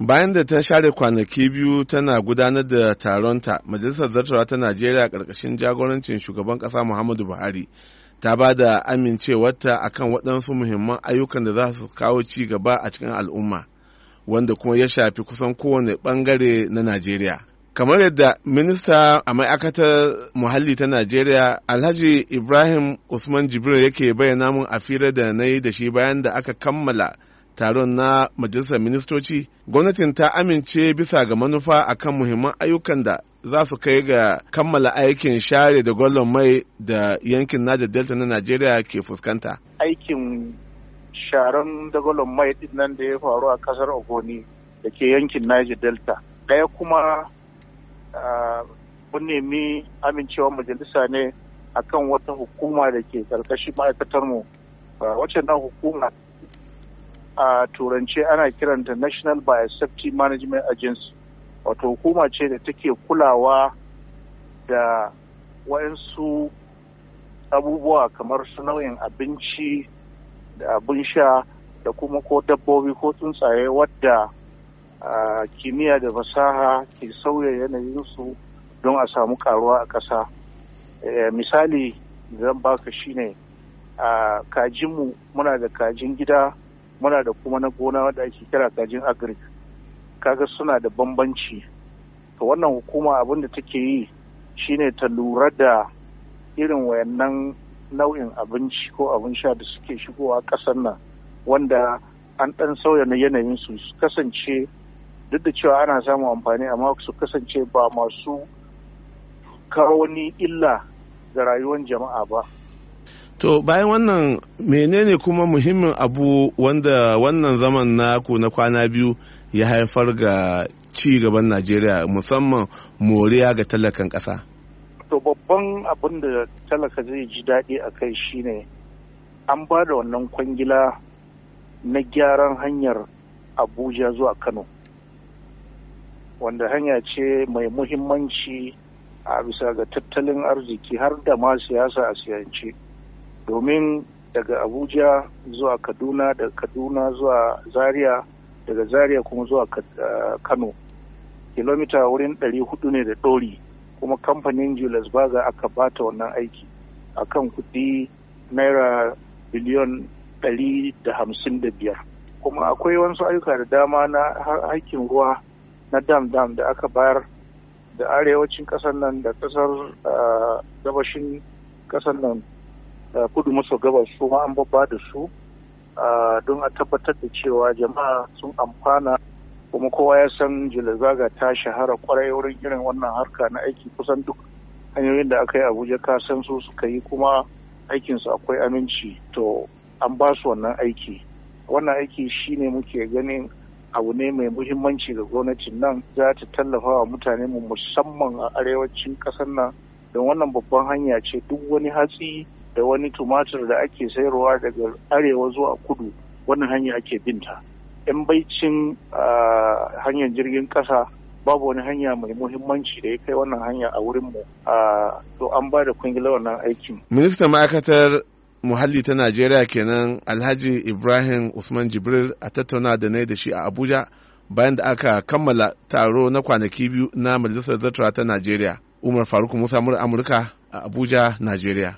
Bayan da ta share kwanaki biyu tana gudanar da taronta, Majalisar Zartawa ta Najeriya ƙarƙashin jagorancin shugaban ƙasa Muhammadu Buhari ta ba da amincewarta a kan waɗansu muhimman ayyukan da za su kawo ci gaba a cikin al'umma, wanda kuma ya shafi kusan kowane ɓangare na Najeriya. Kamar yadda minista a ma'aikatar muhalli ta Najeriya Alhaji Ibrahim Usman Jibril yake bayyana mun a fira da na yi da shi bayan da aka kammala taron na majalisar ministoci gwamnatin ta amince bisa ga manufa akan muhimman ayyukan da za su kai ga kammala aikin share da gwallon mai da yankin Niger Delta na Najeriya ke fuskanta. Aikin sharan da gwallon mai nan da ya faru a kasar Ogoni da ke yankin Niger Delta. Daya kuma mun nemi amincewa majalisa ne akan wata hukuma da ke karkashin mu, Wacce nan hukuma a turance ana kiranta national biosafety management agency wato hukuma ce da take kulawa da waɗansu abubuwa kamar su nau'in abinci da abin sha da kuma ko dabbobi ko tsuntsaye wadda kimiyya da fasaha ke sauya yanayinsu don a samu karuwa a ƙasa e, misali zan baka shine a kajinmu muna da kajin gida muna da kuma na gona wanda ake kira Gajin agric kaga suna da bambanci to wannan hukuma abin da take yi shine ta lura da irin wayannan nau'in abinci ko abin sha da suke shigowa ƙasar nan wanda an ɗan sauya na yanayin su su kasance duk da cewa ana samun amfani amma su kasance ba masu kawo ni illa ga rayuwar jama'a ba To bayan wannan menene kuma muhimmin abu wanda wannan zaman naku na kwana biyu ya haifar ga ci gaban Najeriya musamman moriya ga talakan ƙasa? To babban abin da talaka zai ji daɗi a kai shine an ba da wannan kwangila na gyaran hanyar Abuja zuwa Kano. Wanda hanya ce mai muhimmanci a bisa ga tattalin arziki har da ma siyasa a siyance. domin daga abuja zuwa kaduna daga kaduna zuwa zaria daga zaria kuma zuwa eh, kano kilomita wurin 400 ne da dori kuma kamfanin julius baga aka bata wannan aiki a kan kudi naira biliyon 155 kuma akwai wasu ayyuka da dama na aikin ruwa na dam dam da aka bayar da arewacin ƙasar nan da ƙasar eh, gabashin ƙasar nan kudu maso gabas su ma an babba da su don a tabbatar da cewa jama'a sun amfana kuma kowa ya san jilazaga ta shahara kwarai wurin irin wannan harka na aiki kusan duk hanyoyin da aka yi abuja ka san su suka yi kuma aikinsu akwai aminci to an ba su wannan aiki wannan aiki shine muke ganin abu ne mai muhimmanci ga gwamnatin nan za ta tallafa wa mutane mu musamman a arewacin ƙasar nan don wannan babban hanya ce duk wani hatsi da wani tumatur da ake sayarwa daga arewa zuwa kudu wannan hanya ake binta yan baicin hanyar jirgin ƙasa babu wani hanya mai muhimmanci da ya kai wannan hanya a wurinmu to an ba da kungila wannan aikin ministan ma'aikatar muhalli ta najeriya kenan alhaji ibrahim usman jibril a tattauna da na da shi a abuja bayan da aka kammala taro na kwanaki biyu na majalisar zartura ta najeriya umar faruk musa mura amurka a abuja najeriya